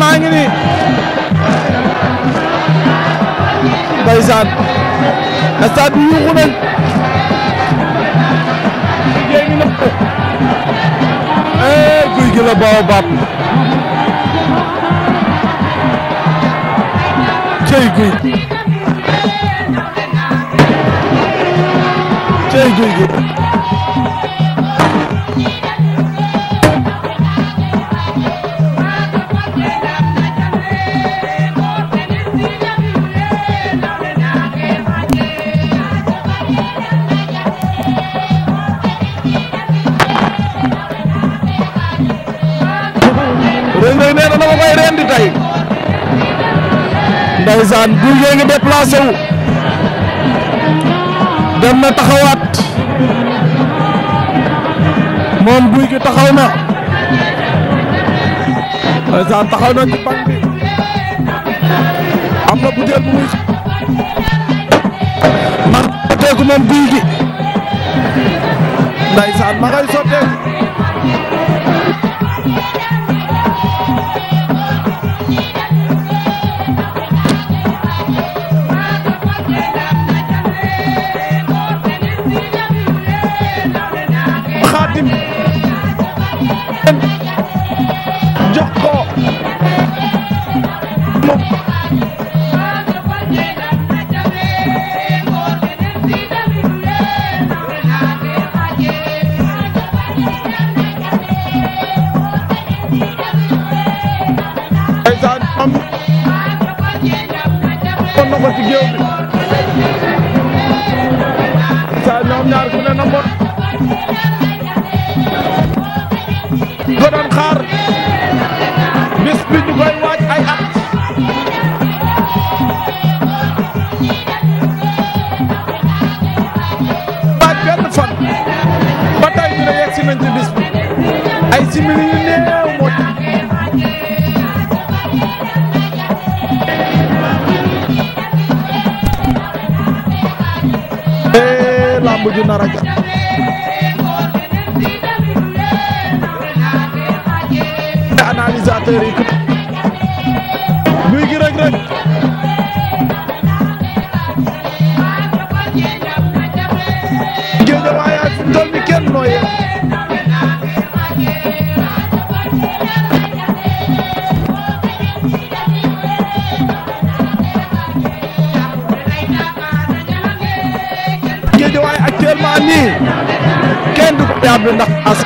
maa ngi nii ndeysaan stade bi yuuxu nañ liggéey ngi na ee eh, guy gi la baaw baab cey guy cey ndeysaan guy gee ngi déplacé wu dem na taxawaat moom guy gi taxaw na ndeysaan taxaw na ci banc bi am na butéel bu muy man teeku moom guy gi ndeysaan ma ngay sotti géew bi sa ñoom ñaar ku ne na mbot ko doon xaar bis bi ñu koy waaj ay at waaj benn fan ba tey ñu ne yegg si nañ ci bis bi ay simili yu néew lamb ju nar a jot analysateur yi nii kenn du ko yàbbi ndax as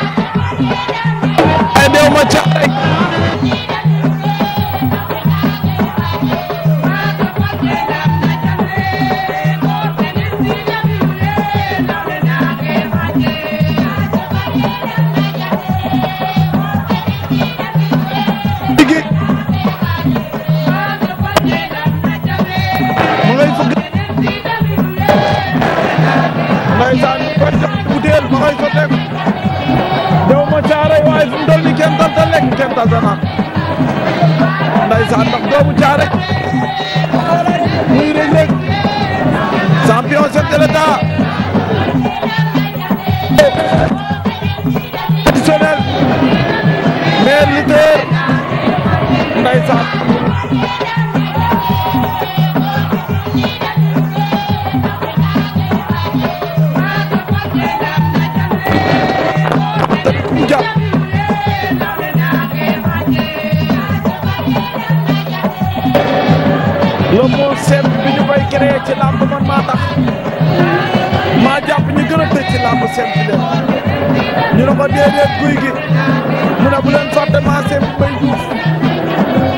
ñu ne ko déedéet guy gi mu ne bu leen fàtte maase Mbaye Diouf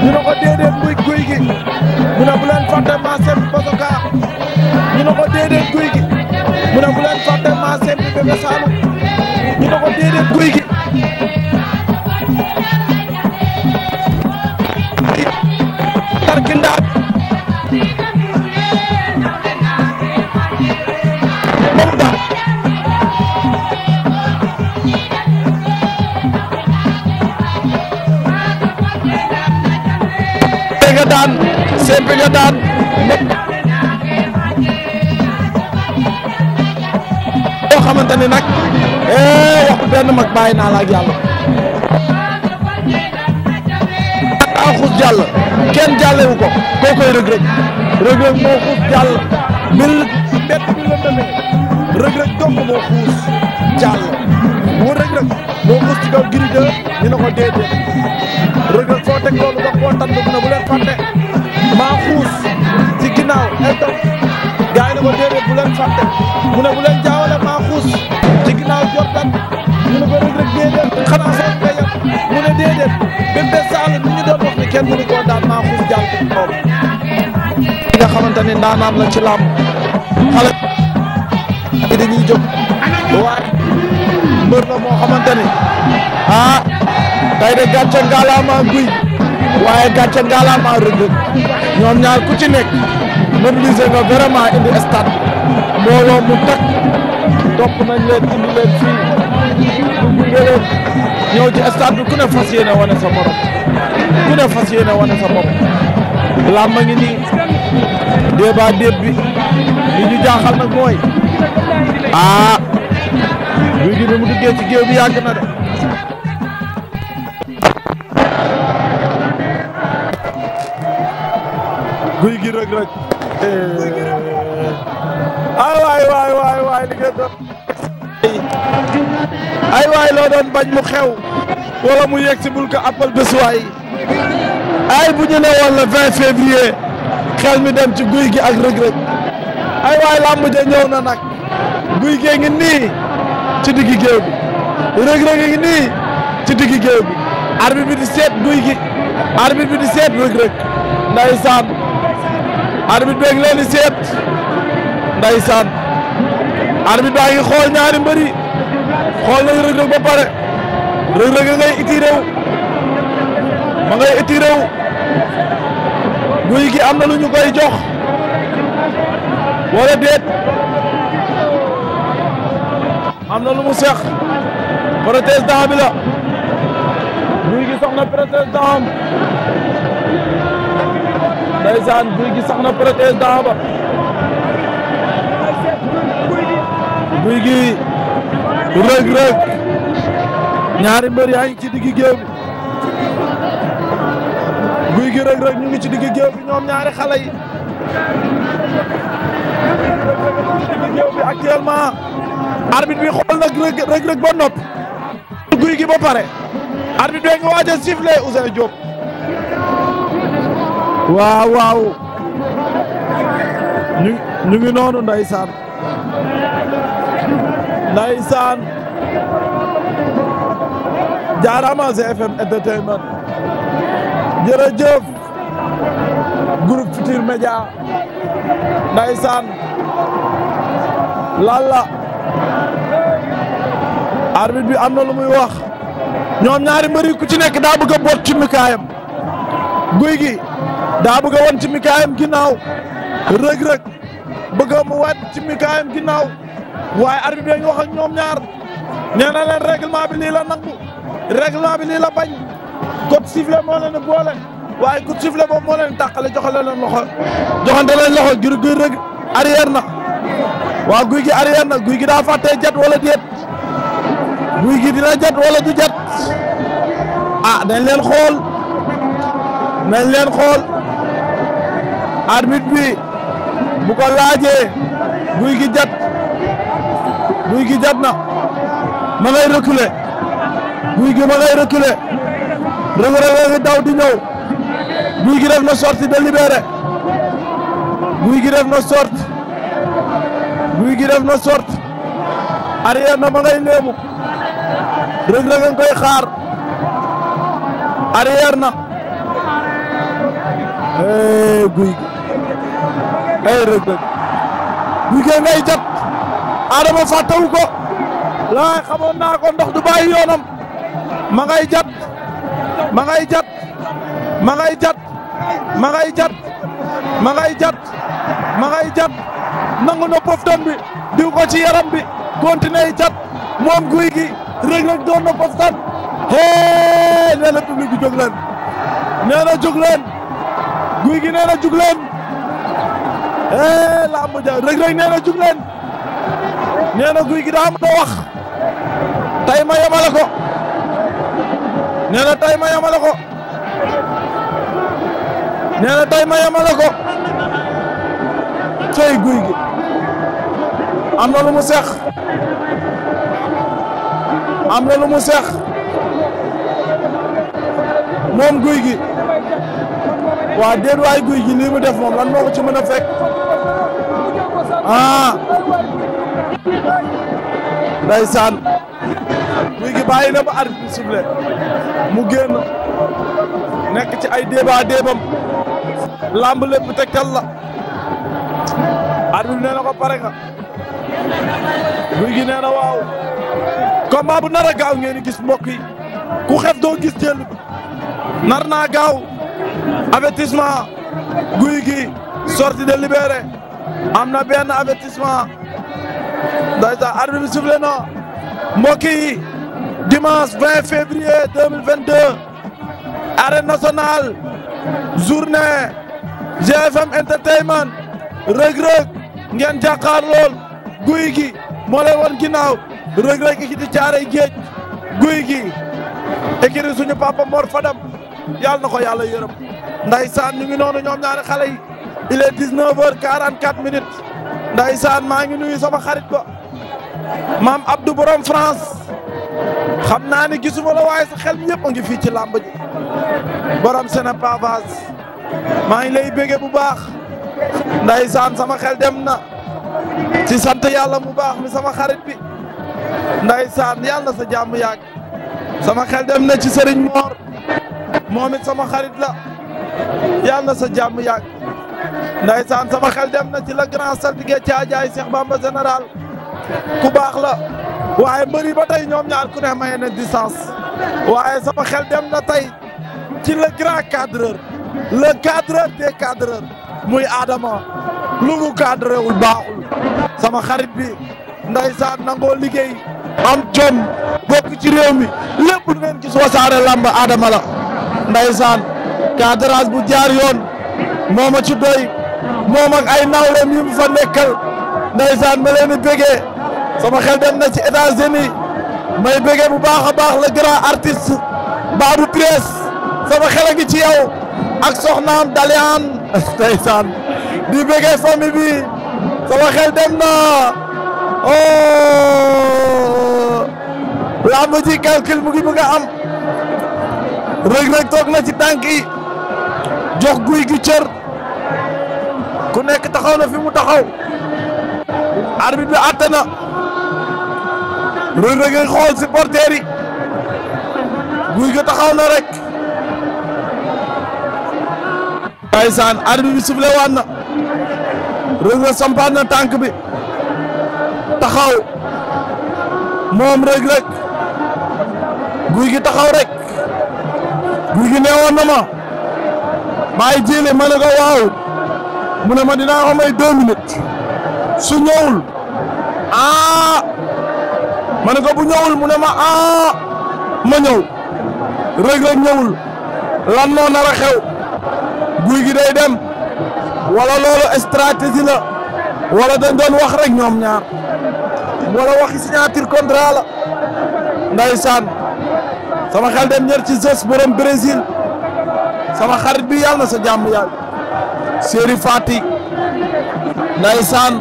ñu ne ko déedéet guy guy gi mu ne bu leen fàtte maase Bosoka ñu ne ko déedéet guy gi mu ne bu leen fàtte maase Bébé Saloum ñu ne ko déedéet guy gi. Tarkinda. daan simple la daan boo xamante ni nag eh, waxu benn mag bàyyi naa la ak yàlla daa jàll kenn jàllewu ko koo koy Reug Reug Reug moo xus jàll mil mbett bi la demee Reug Reug dong moo xuus jàll mu Reug Reug moo xuus ci kaw Gris 2 ñu ne ko déedéet Reug Reug foo teg loolu ndax boo tànn bu ne bu leen fàtte maa xuus ci ginnaaw ay dox gars yi ne ko déedéet bu leen fàtte mu ne bu jaawale maa ci ginnaaw jottan mu ne ko Reug déedéet xanaa soo ko mu ne déedéet bim de Saalum ñu doon wax ni kenn mënu koo daan maa xuus jàll ci moom. nga xamante ne ndaanaan la ci làmb xale bi dañuy jóg. mbër la moo xamante ne ah tey de gàcce ngalaama guy waaye gàcce ngalaama Reug ñoom ñaar ku ci nekk mobilisé nga vraiment indi stade mbooloo mu takk topp nañ leen indi leen fii ci stade bi ku ne fas yéene wane sa borom ku ne fas yéene wane sa bopp làmb ngi nii débat déet bi li ñu jaaxal nag mooy ah, guy gi bi mu duggee ci na de. guy gi rëg rëg. ay waay loo doon bañ mu xew. wala mu yegg bul ko appal bés waay. ay bu ñu ne woon le xel mi dem ci guy gi ak rëg rëg. ay waay làmb ja ñëw na nag. guy gee ngi nii. ci diggi géew bi nii ci diggi géew bi arbitre seet guy gi arbitre bi di seet rëg-rëg ndeysaan arbitre beeg leen di seet ndeysaan arbitre baa ngi xool ñaari mbëri xool nañ rëg-rëg ba pare rëg-rëg a ngay iti ma ngay iti guy gi am na lu ñu koy jox wala déet am na lu mu seex Protez Daxa guy gi sax na Protez Daxam ndeysaan gi sax na Protez Daxa ba guy gi rëg rëg ñaari mbër yaa ngi ci diggi géew bi guy gi rëg rëg ñu ngi ci diggi géew bi ñoom ñaari xale yi. diggi géew bi actuellement. arbitre bi xool nag rëg rëg ba noppi. guy gi ba pare. arbitre bi nga waaj a sifflé Ousseynou Diop. waaw waaw. ñu ñu ngi noonu ndeysaan. ndeysaan. jaaraama GFM entertainment. jërëjëf. groupe Futur Média. ndeysaan. lalla. arbitre bi am na lu muy wax ñoom ñaari mbëri ku ci nekk daa bëgg a bot ci mikaayam guy gi daa bëgg wan ci mikaayam ginnaaw rëg-rëg bëgg mu waat ci mikaayam ginnaaw waaye arbitre bi dañu wax ak ñoom ñaar nee na leen règlement bi lii la nangu règlement bi lii la bañ code sifflet moo leen boole waaye code sifflet boobu moo leen tàqale joxale leen loxo joxante leen loxo gir guy rëg arrière na waaw guy gi arrière guy gi daa fàttee jat wala déet guy gi dina jat wala du jat ah dañ leen xool dañ leen xool arbitre bi bu laajee guy gi jat guy gi jat na ma ngay reculer guy gi ma ngay reculer Reug Reug ngi daw di ñëw guy gi def na sortie délibérée guy gi def na sortie guy gi def na sorte arrière na ma léemu Reug Reug koy xaar arrière na ee guy gi ay Reug Reug guy gi ngay jàpp Adama fàttewu ko laay xamoon naa ko ndox du bàyyi yoonam ma ngay jàpp ma ngay jàpp ma ngay jàpp ma ngay jàpp ma ngay nangu na poftan bi diw ko ci yaram bi continué jàpp moom guy gi Reug Reug doon na poftan hee nee na public bi jóg leen nee na jóg guy gi nee na hee lamb ja Reug Reug nee na guy gi daa na wax tay ma yemale ko nee na tay ma yemale ko ko cey guy gi am na lu mu seq am na lu mu seq moom guy gi waa déet waay guy gi lii mu def moom lan moo ko ci mën a fekk day ah. ndeysaan guy gi bàyyi na ba arbitre bi mu génn nekk ci ay débat débam lamb lépp tegtal la arbitre bi nee na ko pare nga guy gi nee na waaw combat bu nar gaaw ngeen gis mbokk yi ku xef doo gis jël nar naa gaaw avertissement guy gi sortie de libéré am na benn avertissement daysa arbitre bi sifflé na mbokk yi dimanche 20 février 2022 arène nationale journée GFM entertainment Reug Reug ngeen lool guy gi moo lay won ginnaaw Reug di écurie Thiaroye Géej guy gi écurie suñu papa Mor Fadam yàlla na ko yàlla yërëm ndeysaan ñu ngi noonu ñoom ñaari xale yi il est 19 heures 44 minutes ndeysaan maa ngi nuyu sama xarit ba maam Abdou Borom France xam naa ni gisuma la waaye sa xel mi yëpp a ngi fii ci làmb ji borom sena pavage maa ngi lay bége bu baax ndeysaan sama xel dem na ci sant yàlla mu baax mi sama xarit bi ndeysaan yàlla sa jàmm yàgg sama xel dem na ci sëriñ Moor moom it sama xarit la yàlla na sa jàmm yàgg ndeysaan sama xel dem na ci la grand saltige caajaay Cheikh Bamba général ku baax la waaye mbëri ba tey ñoom ñaar ku ne maye na distance waaye sama xel dem na tey ci la grand cadreur le cadreur des cadreurs muy Adama lu mu cadrewul baaxul sama xarit bi ndaa ndeysaan nangoo liggéey am jom bokk ci réew mi lépp lu ngeen gis Wassare Lamb Adama la ndeysaan cadrage bu jaar yoon moom ci doy moom ak ay nawleem yi mu fa nekkal ndeysaan ma leen di sama xel dem na ci États-Unis may bégee bu baax a baax le grand artiste Babou Presse sama xel a ngi ci yow ak soxnaam Dalian ndeysaan di bégee famille bi sama xel dem na oh lamb ji mu ngi bëgg a am toog na ci tànk yi jox guy gi ku nekk taxaw na fi mu taxaw arbitre bi àtte na Reug xool supporter yi guy gi taxaw na rek ndeysaan arbitre bi sufle waan na Reug Reug sampaat na tànk bi taxaw moom Reug Reug guy gi taxaw rek guy gi neewoon na ma bàyyi jële ma ne ko waaw mu ne ma dinaa ko may deux minutes su ñëwul aa ma ne ko bu ñëwul mu ne ma aa ma ñëw Reug Reug ñëwul lan moo a xew guy gi day dem wala loolu stratégie la wala dañ wax rek ñoom ñaar wala waxi signature contrat la ndeysaan sama xel dem ñër ci Zeus borom sama xarit bi yàlla na sa jàmm yàlla Seri Fatick ndeysaan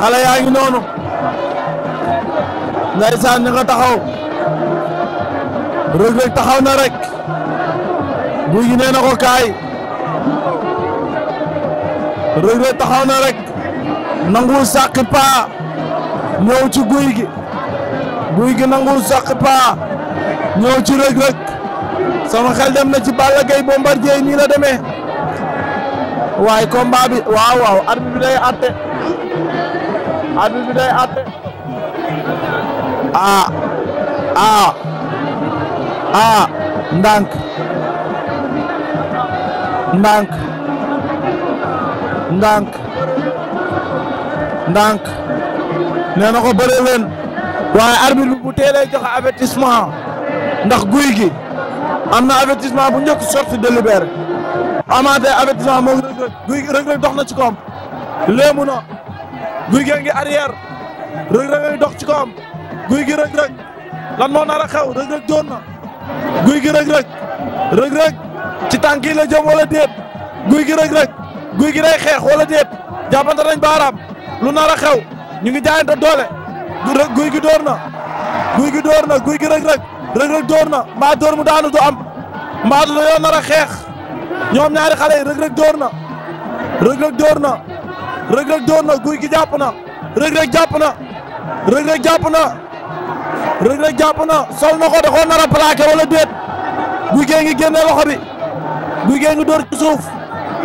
xale yaa ngi noonu ndeysaan ñu nga taxaw Reug Reug taxaw na rek guy gi nee na Reug Reug na rek nanguwul sàqi paa ñëw ci guy gi guy gi nanguwul sàqi paa ñëw ci Reug Reug sama xel dem na ci Balla Gaye Bombardier nii la demee waaye combat bi waaw waaw arbitre bi day atte arbitre bi day atte ah ah ah ndànk ndànk ndànk nee na ko bëre leen waaye arbitre bi bu teelee joxe avertissement ndax guy gi am na avertissement bu njëkk sorti délibéré amaatee avertissement moom rëg rëg guy rëg dox na ci koom léemu na guy gee ngi arrière rëg rëg dox ci koom guy gi rëg rëg lan moo nar a xew rëg rëg doon na guy gi rëg rëg rëg ci tànk yi la jëm wala guy gi rëg rëg guy gi day xeex wala déet jàppante nañ baaraam lu nar a xew ñu ngi jaayante doole guy gi door na guy gi door na gi rëg rëg rëg rëg door na mbaa door mu daanu du am mbaa du yoo nar xeex ñoom ñaari xale rëg rëg door na rëg rëg door na rëg rëg door na guy gi jàpp na rëg rëg jàpp na rëg rëg jàpp na rëg rëg jàpp na sol na ko da koo nar a plaqué wala déet guy gee ngi génne loxo bi guy gee ngi door ci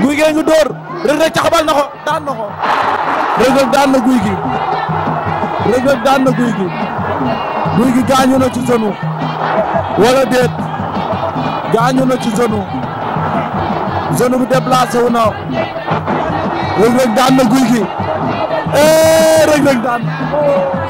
guy gee ngi door Reug Reug taxabal na ko daan na ko. Reug Reug daan na guy gi Reug guy gi guy gi na ci zone wala déet gaañu na ci zone zone bi déplacé wu na Reug Reug daan na guy gi eh, Reug Reug daan